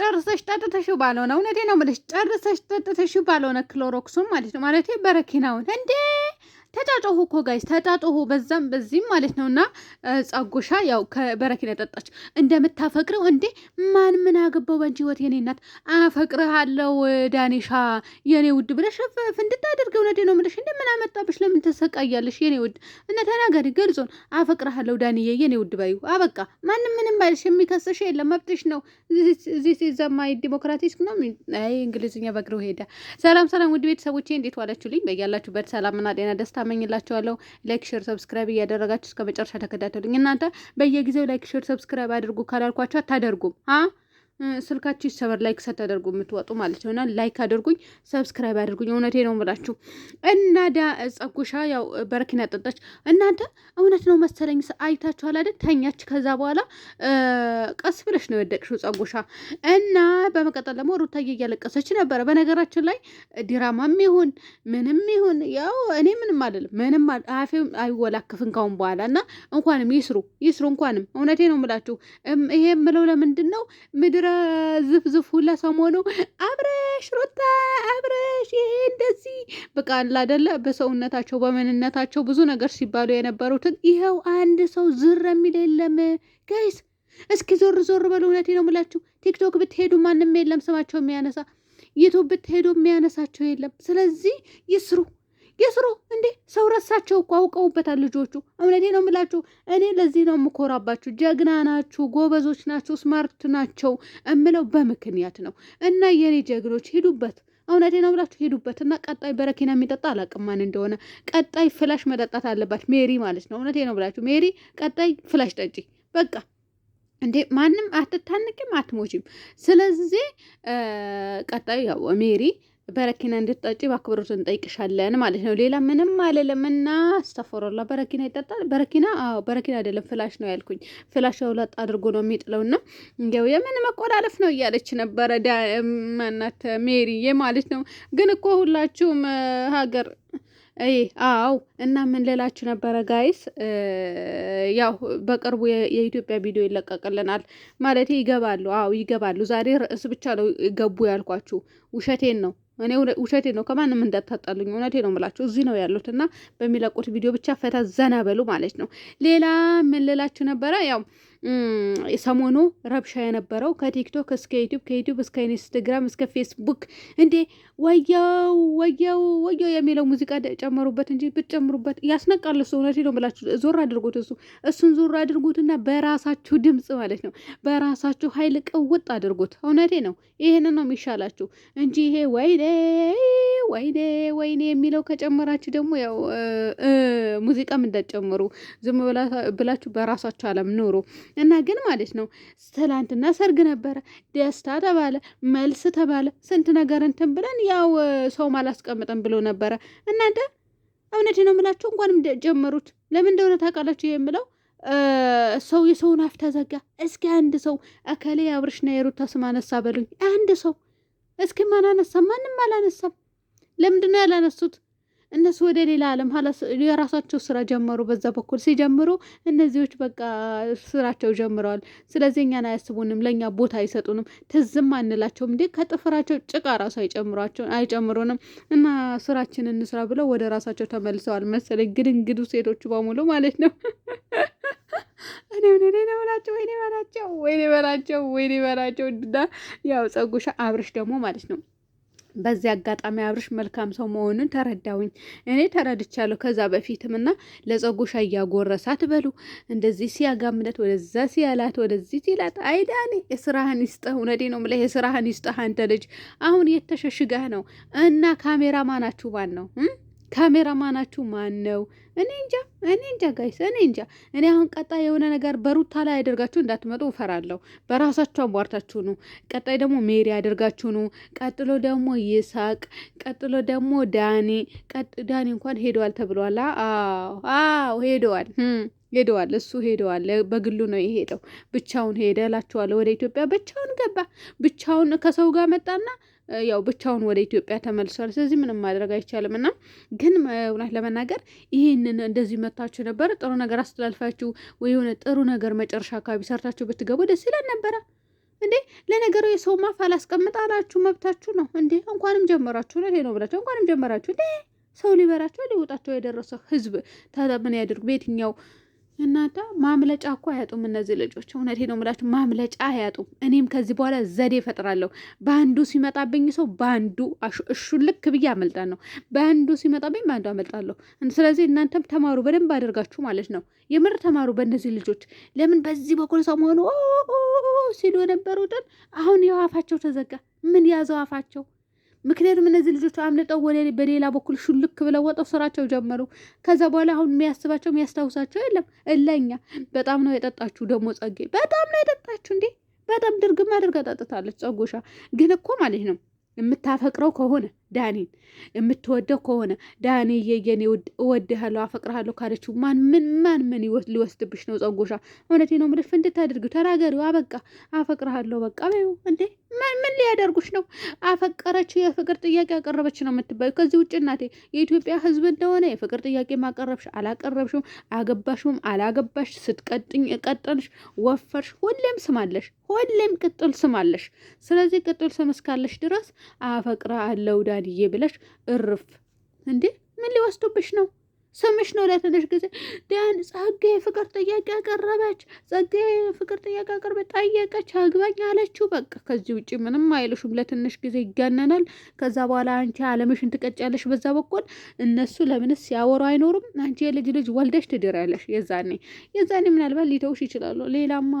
ጨርሰሽ ጠጥተሽው ባልሆነ እውነቴ ነው የምልሽ ጨርሰሽ ጠጥተሽው ባልሆነ ክሎሮክሱን ማለት ነው ማለት በረኪናውን እንዴ ተጫጮሁ እኮ ጋይስ ተጫጮሁ፣ በዛም በዚህም ማለት ነውና ጸጉሻ ያው ከበረኪና ጠጣች እንደምታፈቅረው እንዴ ማን ምን አገባው በአንቺ ህይወት የኔ እናት አፈቅርሃለው ዳኒሻ የኔ ውድ ብለሽ ፍንድት ነዴ ነው ምለሽ እንደ ምን አመጣብሽ? ለምን ተሰቃያለሽ? የኔ ውድ እነ ተናገሪ፣ ገልጾን አፈቅርሃለው ዳኒዬ የኔ ውድ ባዩ አበቃ። ማንም ምንም ባይልሽ የሚከሰሽ የለም መብትሽ ነው። ዚስ ዘማይ ዲሞክራቲክ ነው። አይ እንግሊዝኛ በግሩ ሄዳ። ሰላም ሰላም፣ ውድ ቤተሰቦቼ እንዴት ዋላችሁልኝ? በያላችሁበት ሰላምና ጤና ደስታ እመኝላችኋለሁ። ላይክ፣ ሼር፣ ሰብስክራይብ እያደረጋችሁ እስከ መጨረሻ ተከታተሉኝ። እናንተ በየጊዜው ላይክ፣ ሼር፣ ሰብስክራይብ አድርጉ ካላልኳችሁ አታደርጉም አ ስልካችሁ ይሰበር ላይክ ሳታደርጉ የምትወጡ ማለት ነው። ላይክ አድርጉኝ፣ ሰብስክራይብ አድርጉኝ። እውነቴ ነው የምላችሁ። እና ዳ ጸጉሻ ያው በረኪና ጠጣች። እናንተ እውነት ነው መሰለኝ አይታችኋል አይደል? ተኛች። ከዛ በኋላ ቀስ ብለሽ ነው የወደቅሽው ጸጉሻ። እና በመቀጠል ደግሞ ሩታዬ እያለቀሰች ነበረ። በነገራችን ላይ ዲራማም ይሁን ምንም ይሁን ያው እኔ ምንም አይደለም፣ ምንም አፌ አይወላክፍን ካሁን በኋላ እና እንኳንም ይስሩ ይስሩ፣ እንኳንም እውነቴ ነው የምላችሁ። ይሄ የምለው ለምንድን ነው ምድር ስራ ዝፍ ሁላ ሰሞኑ አብረሽ ሩታ አብረሽ ይሄ እንደዚህ በቃ አለ በሰውነታቸው በምንነታቸው ብዙ ነገር ሲባሉ የነበሩትን ይኸው አንድ ሰው ዝር የሚል የለም ጋይስ። እስኪ ዞር ዞር በሉ። እውነቴ ነው የምላችሁ ቲክቶክ ብትሄዱ ማንም የለም ስማቸው የሚያነሳ ዩቱብ ብትሄዱ የሚያነሳቸው የለም። ስለዚህ ይስሩ። የስሩ እንዴ ሰው ረሳቸው እኮ አውቀውበታል ልጆቹ። እውነቴ ነው የምላችሁ፣ እኔ ለዚህ ነው የምኮራባችሁ። ጀግና ናችሁ፣ ጎበዞች ናቸው፣ ስማርት ናቸው እምለው በምክንያት ነው። እና የእኔ ጀግኖች ሂዱበት እውነቴ ነው ብላችሁ ሄዱበት እና ቀጣይ በረኪና የሚጠጣ አላቅም ማን እንደሆነ። ቀጣይ ፍላሽ መጠጣት አለባት ሜሪ ማለት ነው። እውነቴ ነው ብላችሁ ሜሪ ቀጣይ ፍላሽ ጠጪ በቃ። እንዴ ማንም አትታንቅም፣ አትሞችም። ስለዚህ ቀጣዩ ያው ሜሪ በረኪና እንድትጠጪ በአክብሮት እንጠይቅሻለን ማለት ነው። ሌላ ምንም አልልም እና አስተፈሮላ በረኪና ይጠጣል። በረኪና አዎ፣ በረኪና አይደለም ፍላሽ ነው ያልኩኝ። ፍላሽ ለውላጥ አድርጎ ነው የሚጥለው እና እንዲያው የምን መቆላለፍ ነው እያለች ነበረ ማናት ሜሪዬ ማለት ነው። ግን እኮ ሁላችሁም ሀገር አው እና ምን ልላችሁ ነበረ ጋይስ፣ ያው በቅርቡ የኢትዮጵያ ቪዲዮ ይለቀቅልናል ማለት ይገባሉ። አው ይገባሉ። ዛሬ ርዕስ ብቻ ነው ገቡ ያልኳችሁ፣ ውሸቴን ነው። እኔ ውሸቴ ነው። ከማንም እንዳታጣሉኝ እውነቴ ነው ምላችሁ። እዚህ ነው ያሉት እና በሚለቁት ቪዲዮ ብቻ ፈታ ዘና በሉ ማለት ነው። ሌላ ምን ልላችሁ ነበረ ያው ሰሞኑ ረብሻ የነበረው ከቲክቶክ እስከ ዩቱብ ከዩቱብ እስከ ኢንስትግራም እስከ ፌስቡክ እንዴ ወያው ወያው ወያው የሚለው ሙዚቃ ጨመሩበት እንጂ ብትጨምሩበት ያስነቃል። እሱ እውነት ነው ብላችሁ ዞር አድርጉት። እሱ እሱን ዞር አድርጉትና በራሳችሁ ድምፅ ማለት ነው በራሳችሁ ኃይል ቅውጥ አድርጉት። እውነቴ ነው። ይህን ነው የሚሻላችሁ እንጂ ይሄ ወይኔ ወይኔ ወይኔ የሚለው ከጨመራችሁ ደግሞ ያው ሙዚቃም እንዳትጨምሩ ዝም ብላችሁ በራሳችሁ አለም ኑሩ። እና ግን ማለት ነው ትላንትና ሰርግ ነበረ፣ ደስታ ተባለ፣ መልስ ተባለ፣ ስንት ነገር እንትን ብለን ያው ሰው አላስቀምጠን ብሎ ነበረ። እናንተ እውነት ነው የምላችሁ እንኳንም ጀመሩት። ለምን እንደሆነ ታውቃላችሁ የምለው ሰው የሰውን አፍ ተዘጋ። እስኪ አንድ ሰው እከሌ አብርሽና የሩታ ስም አነሳ በሉኝ። አንድ ሰው እስኪ ማን አነሳ? ማንም አላነሳም። ለምንድነው ያላነሱት? እነሱ ወደ ሌላ ዓለም የራሳቸው ስራ ጀመሩ። በዛ በኩል ሲጀምሩ እነዚዎች በቃ ስራቸው ጀምረዋል። ስለዚህ እኛን አያስቡንም፣ ለእኛ ቦታ አይሰጡንም፣ ትዝም አንላቸውም። እንዴ ከጥፍራቸው ጭቃ ራሱ አይጨምሯቸው አይጨምሩንም። እና ስራችን እንስራ ብለው ወደ ራሳቸው ተመልሰዋል መሰለኝ። ግድንግዱ ሴቶቹ በሙሉ ማለት ነው። እኔ ወይኔ በላቸው ወይኔ በላቸው ወይኔ በላቸው ወይኔ በላቸው። ያው ጸጉሻ አብርሽ ደግሞ ማለት ነው በዚህ አጋጣሚ አብርሽ መልካም ሰው መሆኑን ተረዳውኝ። እኔ ተረድቻለሁ ከዛ በፊትም እና ለጸጉሻ እያጎረሳት በሉ እንደዚህ ሲያጋምለት ወደዛ ሲያላት ወደዚህ ሲላት አይዳኔ የስራህን ይስጠህ። እውነዴ ነው የምልህ የስራህን ይስጠህ። አንተ ልጅ አሁን የተሸሽገህ ነው እና ካሜራ ማናችሁ ማን ነው? ካሜራማናችሁ ማን ነው? እኔ እንጃ፣ እኔ እንጃ ጋይስ፣ እኔ እንጃ። እኔ አሁን ቀጣይ የሆነ ነገር በሩታ ላይ ያደርጋችሁ እንዳትመጡ እፈራለሁ። በራሳችሁ አቧርታችሁ ነው። ቀጣይ ደግሞ ሜሪ ያደርጋችሁ ነው። ቀጥሎ ደግሞ ይሳቅ፣ ቀጥሎ ደግሞ ዳኒ። ቀጥ ዳኒ እንኳን ሄደዋል ተብሏል። አዎ ሄደዋል ሄደዋል እሱ ሄደዋል። በግሉ ነው የሄደው። ብቻውን ሄደ እላችኋለሁ። ወደ ኢትዮጵያ ብቻውን ገባ። ብቻውን ከሰው ጋር መጣና ያው ብቻውን ወደ ኢትዮጵያ ተመልሷል። ስለዚህ ምንም ማድረግ አይቻልም እና ግን እውነት ለመናገር ይህንን እንደዚህ መታችሁ ነበረ ጥሩ ነገር አስተላልፋችሁ ወይ የሆነ ጥሩ ነገር መጨረሻ አካባቢ ሰርታችሁ ብትገቡ ደስ ይላል ነበረ። እንዴ ለነገሩ የሰው ማፍ አላስቀምጥ አላችሁ፣ መብታችሁ ነው። እንዴ እንኳንም ጀመራችሁ ነው ነው ብላችሁ እንኳንም ጀመራችሁ። እንዴ ሰው ሊበራቸው ሊወጣቸው የደረሰው ህዝብ ታዲያ ምን ያደርጉ በየትኛው እናንተ ማምለጫ እኮ አያጡም እነዚህ ልጆች። እውነቴ ነው የምላችሁ ማምለጫ አያጡም። እኔም ከዚህ በኋላ ዘዴ እፈጥራለሁ። በአንዱ ሲመጣብኝ ሰው በአንዱ እሹ ልክ ብዬ አመልጣ ነው፣ በአንዱ ሲመጣብኝ በአንዱ አመልጣለሁ። ስለዚህ እናንተም ተማሩ በደንብ አደርጋችሁ ማለት ነው። የምር ተማሩ በእነዚህ ልጆች። ለምን በዚህ በኩል ሰው መሆኑ ሲሉ የነበሩትን አሁን ያው አፋቸው ተዘጋ። ምን ያዘው አፋቸው ምክንያቱም እነዚህ ልጆች አምልጠው ወደ በሌላ በኩል ሹልክ ብለው ወጠው ስራቸው ጀመሩ። ከዛ በኋላ አሁን የሚያስባቸው የሚያስታውሳቸው የለም። እለኛ በጣም ነው የጠጣችሁ ደግሞ ጸጌ በጣም ነው የጠጣችሁ እንዴ! በጣም ድርግም አድርጋ ጠጥታለች። ጸጎሻ ግን እኮ ማለት ነው የምታፈቅረው ከሆነ ዳኒን የምትወደው ከሆነ ዳኒዬ የኔ እወድሃለሁ አፈቅርሃለሁ ካለችው ማን ምን ማን ምን ሊወስድብሽ ነው? ጸጎሻ እውነቴ ነው ምልፍ ፍንድት አድርጊው፣ አበቃ አፈቅርሃለሁ በቃ በይው። እንዴ ምን ምን ሊያደርጉሽ ነው? አፈቀረችው፣ የፍቅር ጥያቄ አቀረበች ነው የምትባዩ። ከዚህ ውጭ እናቴ የኢትዮጵያ ሕዝብ እንደሆነ የፍቅር ጥያቄ ማቀረብሽ አላቀረብሽም፣ አገባሽም አላገባሽ፣ ስትቀጥኝ ቀጠልሽ፣ ወፈርሽ፣ ሁሌም ስማለሽ፣ ሁሌም ቅጥል ስማለሽ። ስለዚህ ቅጥል ስም እስካለሽ ድረስ አለው ዳኒ ገድዬ ብለሽ እርፍ እንዴ! ምን ሊወስዱብሽ ነው? ስምሽ ነው ለትንሽ ጊዜ ዲያን ጸጋዬ ፍቅር ጥያቄ አቀረበች። ጸጋዬ ፍቅር ጥያቄ አቀረበች፣ ጠየቀች፣ አግባኝ አለችው። በቃ ከዚህ ውጭ ምንም አይልሹም። ለትንሽ ጊዜ ይጋነናል። ከዛ በኋላ አንቺ አለምሽን ትቀጫለሽ። በዛ በኩል እነሱ ለምንስ ሲያወሩ አይኖሩም። አንቺ የልጅ ልጅ ወልደሽ ትድሪያለሽ። የዛኔ የዛኔ ምናልባት ሊተውሽ ይችላሉ። ሌላማ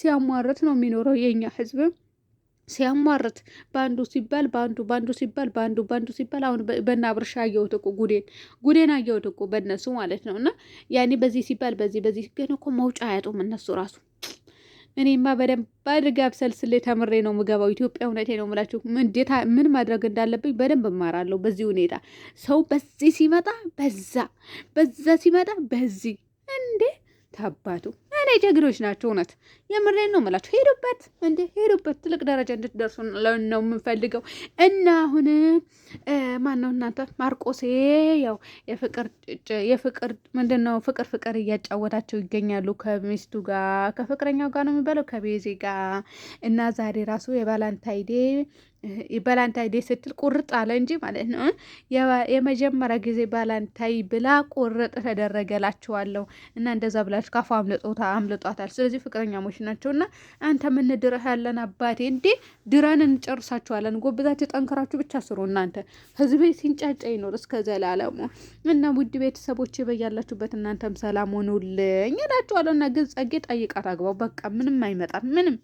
ሲያሟረት ነው የሚኖረው የእኛ ህዝብ ሲያሟርት በአንዱ ሲባል በአንዱ በአንዱ ሲባል በአንዱ በአንዱ ሲባል አሁን በና ብርሻ አየሁት እኮ ጉዴን ጉዴን አየሁት እኮ በእነሱ ማለት ነው። እና ያኔ በዚህ ሲባል በዚህ በዚህ ግን እኮ መውጫ አያጡም እነሱ ራሱ። እኔማ በደንብ አድርጌ ሰልስሌ ተምሬ ነው ምገባው ኢትዮጵያ። እውነቴ ነው ምላችሁ፣ እንዴት ምን ማድረግ እንዳለብኝ በደንብ እማራለሁ። በዚህ ሁኔታ ሰው በዚህ ሲመጣ በዛ በዛ ሲመጣ በዚህ እንዴ ታባቱ ላይ ጀግኖች ናቸው። እውነት የምሬን ነው የምላቸው። ሄዱበት እንደ ሄዱበት ትልቅ ደረጃ እንድትደርሱ ነው የምንፈልገው። እና አሁን ማን ነው እናንተ ማርቆሴ ያው የፍቅር የፍቅር ምንድን ነው ፍቅር ፍቅር እያጫወታቸው ይገኛሉ። ከሚስቱ ጋር ከፍቅረኛው ጋር ነው የሚባለው ከቤዜ ጋር እና ዛሬ ራሱ የቫላንታይዴ ባላንታይ ዴ ስትል ቁርጥ አለ እንጂ ማለት ነው። የመጀመሪያ ጊዜ ባላንታይ ብላ ቁርጥ ተደረገላችኋለሁ እና እንደዛ ብላችሁ ካፉ አምልጦታ አምልጧታል። ስለዚህ ፍቅረኛ ሞች ናቸው እና አንተ ምን ድረህ ያለን አባቴ እንዴ ድረን እንጨርሳችኋለን። ጎብዛችሁ ጠንክራችሁ ብቻ ስሩ እናንተ ህዝብ ሲንጫጫ ይኖር እስከ ዘላለሙ እና ውድ ቤተሰቦች በያላችሁበት እናንተም ሰላም ሆኑልኝ እላችኋለሁ እና ግን ጸጌ ጠይቃት አግባው በቃ ምንም አይመጣም ምንም